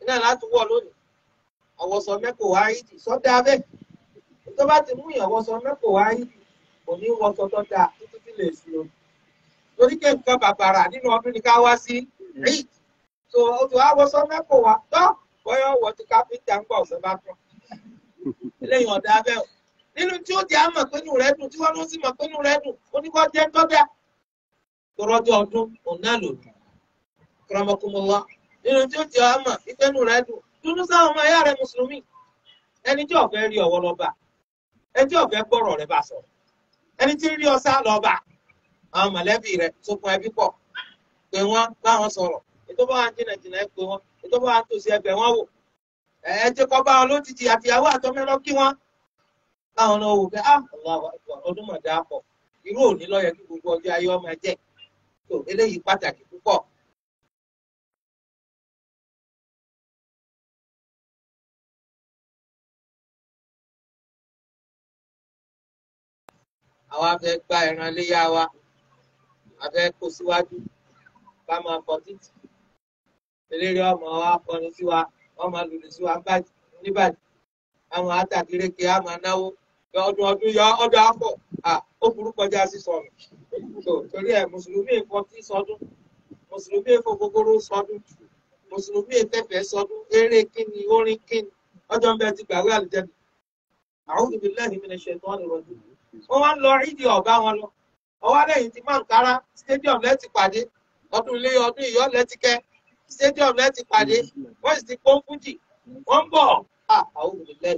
iná láti wọ̀ lónìí àwọ̀sọ mẹ́kò wá rí di sọ́dá bẹ́ẹ̀ tó bá ti mú ìyàwọ̀sọ mẹ́kò wá rí di kò ní wọ sọ́tọ́ dáa títí tí lè sí o torí pé nǹkan bàbàrà nínú ọdún ni ká wá sí rí so o tó àwọ̀sọ mẹ́kò wá tọ́ bóyá ọwọ́ ti káfíńtà ń gbà ọ̀sẹ̀ bá tán eléyìí ọ̀dà abẹ́ o nínú tí ó jẹ́ àmọ̀ pínú rẹ̀ dùn tí wọ́n ló sì mọ̀ pínú rẹ̀ dùn oníkọ́ jẹ́ tọ́jà tọrọjọ ọdún òun náà lò dùn kọrọmọkùnmọ́wá nínú tí ó jẹ́ àmọ̀ ìpínú rẹ̀ dùn dúdú sáwọn ọmọ ẹ̀yà rẹ̀ mùsùlùmí ẹni tí ọ̀fẹ́ rí ọwọ́ lọ́ba ẹni tí ọ̀fẹ́ gbọ́rọ̀ rẹ̀ bá sọ̀rọ̀ ẹni tí rí ọsá tó bá wà tòsí ẹgbẹ́ wọn wò ẹ ti kọ́ bá wọn lójijì àfìyàwó àtọ́mẹ́lọ́ kí wọ́n báwọn náà wò pé ah, ọdún mọ̀dá pọ̀ irú òní lọ́yẹ kí gbogbo ọjọ́ ayé ọmọ jẹ́ tó eléyìí pàtàkì púpọ̀. àwa fẹ́ gba ẹran léyà wa a fẹ́ kó síwájú ká máa títì eléré ọmọ akọrin sí wa ọmọ lùlù sí wa níbàdí àwọn àtàkìrẹkẹ àmọ náwó ọdún ọdún yọ ọdọ afọ ó burú kọjá sísọ mi torí ẹ mùsùlùmí nǹkan tí sọdún mùsùlùmí èfò gbogbooro sọdún mùsùlùmí tẹfẹ sọdún eré kíni orin kíni Ọjọ ti gbàwé àwọn ìbílẹ̀ mi ṣètò ọ̀nà wọn wá ń lọ ìdí wọn lọ ọwọ́ lẹ́yìn tí máa ń kára stadium pàdé ọdún ilé stadium lẹ́ti pàdé wọ́n sì ti kó fújì wọ́n ń bọ̀ àwọn olùlẹ̀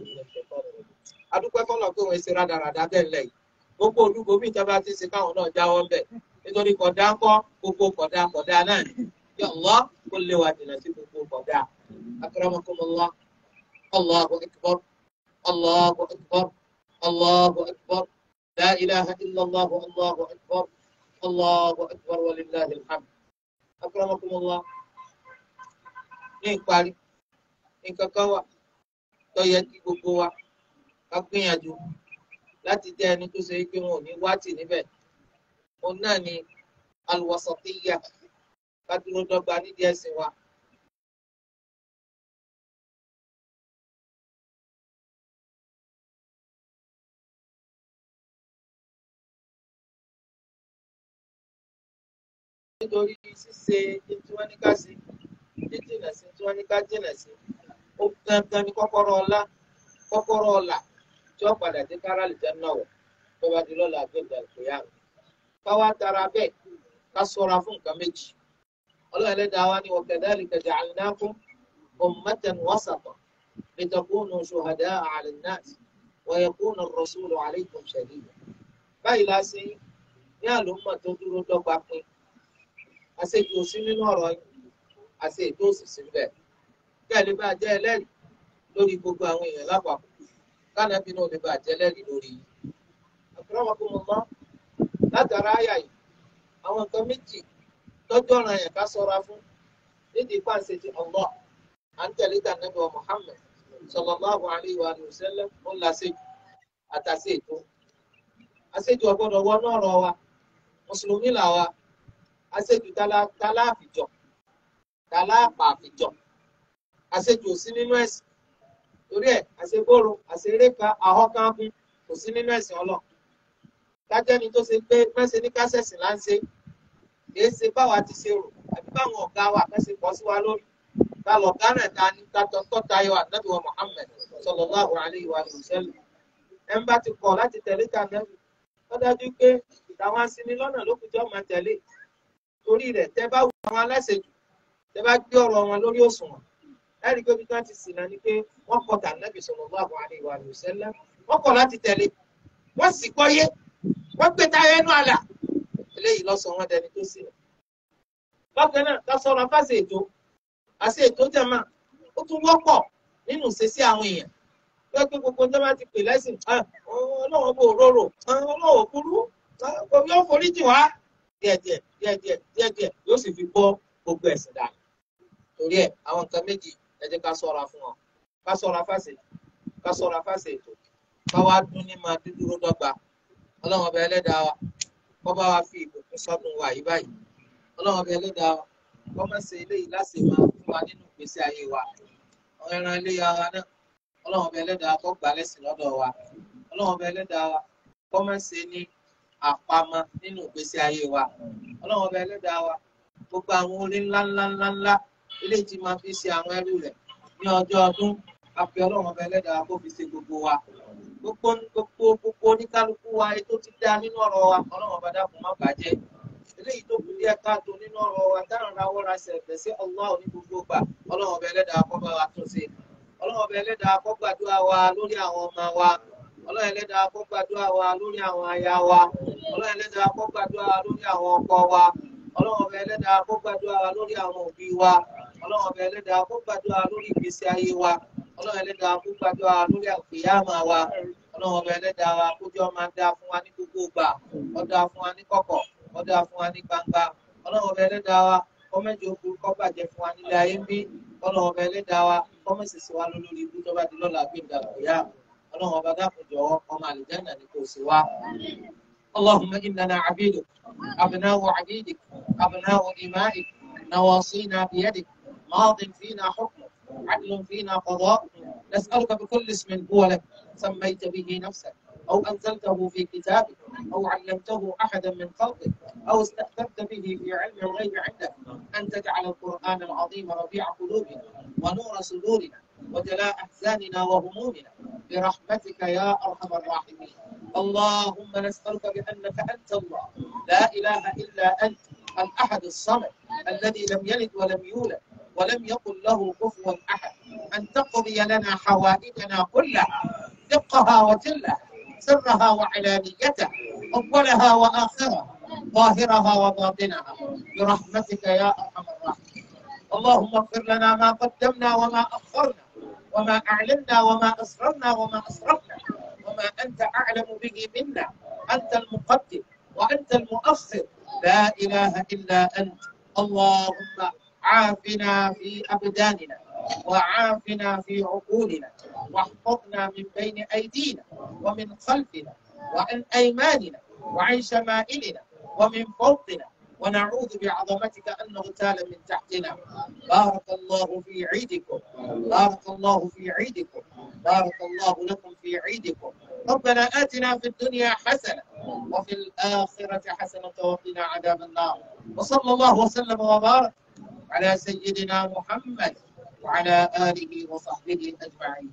adúpẹ́ fọlọ́ pé wọ́n ṣe rádaràdá bẹ́ẹ̀ lẹ̀ yìí gbogbo olúgo bí ìjọba ti ṣe káwọn náà jáwọ́ bẹ̀ nítorí kọ̀dá kọ́ gbogbo kọ̀dá kọ̀dá náà yọ lọ kó lé wa jìnnà sí gbogbo kọ̀dá akramakumullah allahu akbar allahu akbar allahu akbar la ilaha illallah allahu akbar allahu akbar wa lillahi alhamd akramakumullah ní ìparí nǹkan kan wà tó yẹ kí gbogbo wa ká gbìyànjú láti jẹ́ ẹni tó ṣe pé wọn ò ní wá tì òun náà ni alùwàsàtìyà ká dúró dọ́gba nídìí ẹ̀sìn wa. nítorí ṣíṣe tí wọ́n ní ká sí jíjìnà sí tí wọ́n ní ká jìnà sí ó gangan ní kọ́kọ́rọ́ ọlá kọ́kọ́rọ́ ọlà tí ó padà dé kára lè jẹ́ náà wọ̀ tó bá di lọ́la àgbẹ̀gbẹ̀ àgbẹ̀yà rẹ̀ káwá tara bẹ́ẹ̀ ká sọra fún nǹkan méjì ọlọ́run ẹlẹ́dàá wa ni wa kadhalika ja'alnakum ummatan wasatan litakunu shuhada'a 'ala an-nas wa yakuna ar-rasulu báyìí la ní àlùmọ̀ tó dúró dọ́gba pin àṣejù sí nínú ọ̀rọ̀ yìí àti ètò òṣìṣẹ́ bẹ́ẹ̀ kẹ́lẹ́ bá jẹ́ ẹlẹ́rìí lórí gbogbo àwọn èèyàn lápapọ̀ kánàbí náà lè bá jẹ́ ẹlẹ́rìí lórí yìí. àkùrọ̀mọkùnmọ́ látara àyà yìí àwọn nǹkan méjì lọ́jọ́ ọ̀ràn yẹn ká sọ́ra fún nídìí pàṣẹ ti Allah à ń tẹ̀lé tànàbí wa Muhammad sallallahu alayhi wa sallam ó dáláàpà àfijọ àṣejù ò sí nínú ẹ̀sìn torí ẹ̀ àṣeboro àṣeréka àhọkánkún kò sí nínú ẹ̀sìn Ọlọ́run kájẹni tó ṣe pé mẹsẹ ní kásẹsì là ń ṣe kìí ṣe báwa ti ṣe rò àbí báwọn ọ̀gá wa kẹsì pọ̀ sí wa lórí ta lọ̀gá náà ta ní tatọ́ tayọ ànábì wa Muhammad sallallahu alaihi wa sallam ẹ̀ ń bá ti kọ̀ láti tẹ̀lé ta nẹ́bí ó dájú pé ìtàwọn asinilọ́nà ló kù jọ́ máa tẹ̀lé torí rẹ̀ tẹ́ bá wù àwọn aláṣejù tẹ bá gbé ọ̀rọ̀ wọn lórí òṣùwọ̀n láti pé bí wọ́n ti sì náà ni pé wọ́n kọ̀ tà nàbì sallallahu alaihi wa sallam wọ́n kọ̀ láti tẹ̀lé wọ́n sì kọ́ yé wọ́n gbé táyà ẹnu àlà eléyìí lọ́sọ wọn dẹni tó sì náà. bákan náà ká sọ̀rọ̀ fáṣe ètò àṣe ètò jẹ̀mọ́ ó tún wọ́pọ̀ nínú ìṣesí àwọn èèyàn pé pé gbogbo ọjọ́ máa ti pè lẹ́sìn ọlọ́wọ́n bò róró ọlọ́wọ́ burú yóò foríjì wá díẹ̀díẹ̀ díẹ̀díẹ̀ díẹ̀díẹ̀ yóò sì fi bọ́ gbogbo ẹ̀sìn dànù torí ẹ̀ àwọn nǹkan méjì ẹ jẹ́ ká ṣọ́ra fún wọn ká ṣọ́ra fáṣe ká ṣọ́ra fáṣe ètò ká wá dún ní máa dúdúró dọ́gba ọlọ́run ọba ẹlẹ́dàá wa kọ́ bá wa fi ìbùkún sọ́dún wa yìí báyìí ọlọ́run ọba ẹlẹ́dàá wa kọ́ má ṣe eléyìí láti máa fún wa nínú ìgbésí ayé wa àwọn ẹran iléyà wa náà ọlọ́run ọba ẹlẹ́dàá kọ́ gbà lẹ́sìn lọ́dọ̀ wa ọlọ́run ọba ẹlẹ́dàá wa kọ́ má ṣe ní àpamọ́ nínú ìgbésí ayé wa ọlọ́run ọba ẹlẹ́dàá wa gbogbo àwọn orí ńláńláńláńlá eléyìí tí máa fi ṣe àwọn ẹrú rẹ̀ ní ọjọ́ ọdún àfi ọlọ́run ọba ẹlẹ́dàá kó fi ṣe gbogbo wa gbogbo gbogbo gbogbo oníkálukú wa ètò ti dá nínú ọ̀rọ̀ wa ọlọ́run ọba dákun má bàjẹ́ eléyìí tó kú díẹ̀ káàtó nínú ọ̀rọ̀ wa dáhùn ra wọ́ra ṣẹ̀fẹ̀ sí Allah ní gbogbo gbà ọlọ́run ọba ẹlẹ́dàá kó bá wa tún ṣe ọlọ́run ọba ẹlẹ́dàá kó gbàdúrà wa lórí àwọn ọmọ wa ọlọ́run ẹlẹ́dàá kó gbàdúrà wa lórí àwọn aya wa ọlọ́run ẹlẹ́dàá kó gbàdúrà wa lórí àwọn ọkọ wa ọlọ́run ọba ẹlẹ́dàá kó gbàdúrà wa lórí àwọn òbí wa ọlọ́run ọba ẹlẹ́dàá kó gbàdúrà lórí ìgbésí ayé wa ọlọ́run ẹlẹ́dàá kó gbàdúrà lórí àkùyàmà wa ọlọ́run ọba ẹlẹ́dàá wa kó jọ máa dáa fún wa ní gbogbo ìgbà ó dáa fún wa ní kọ̀kọ̀ ó dáa fún wa ní gbangba ọlọ́run ọba ẹlẹ́dàá wa kó mẹ́jọ ogun kó bàjẹ́ fún wa nílé ayé ń bí ọlọ́run ọba ẹlẹ́dàá wa kó mẹ́sẹ̀sẹ̀ wa lórí ibú tó bá di lọ́la gbẹ̀dà ọ̀yá ọlọ́run ọba dákun ni kò sí wa. اللهم إننا عبيدك أبناء عبيدك أبناء إمائك ماض فينا حكمك عدل فينا قضاء نسألك بكل اسم هو لك سميت به نفسك أو أنزلته في كتابك أو علمته أحدا من خلقك أو استأثرت به في علم الغيب عندك أن تجعل القرآن العظيم ربيع قلوبنا ونور صدورنا وجلاء أحزاننا وهمومنا برحمتك يا أرحم الراحمين اللهم نسألك بأنك أنت الله لا إله إلا أنت الأحد الصمد الذي لم يلد ولم يولد ولم يقل له كفوا أحد أن تقضي لنا حوائجنا كلها دقها وجلها سرها وعلانيتها أولها وآخرها ظاهرها وباطنها برحمتك يا أرحم الراحمين اللهم اغفر لنا ما قدمنا وما أخرنا وما أعلنا وما أسررنا وما أسرفنا وما أنت أعلم به منا أنت المقدم وأنت المؤخر لا إله إلا أنت اللهم عافنا في أبداننا وعافنا في عقولنا واحفظنا من بين أيدينا ومن خلفنا وعن أيماننا وعن شمائلنا ومن فوقنا ونعوذ بعظمتك أن نغتال من تحتنا بارك الله في عيدكم بارك الله في عيدكم بارك الله لكم في عيدكم ربنا آتنا في الدنيا حسنة وفي الآخرة حسنة وقنا عذاب النار وصلى الله وسلم وبارك على سيدنا محمد وعلى آله وصحبه أجمعين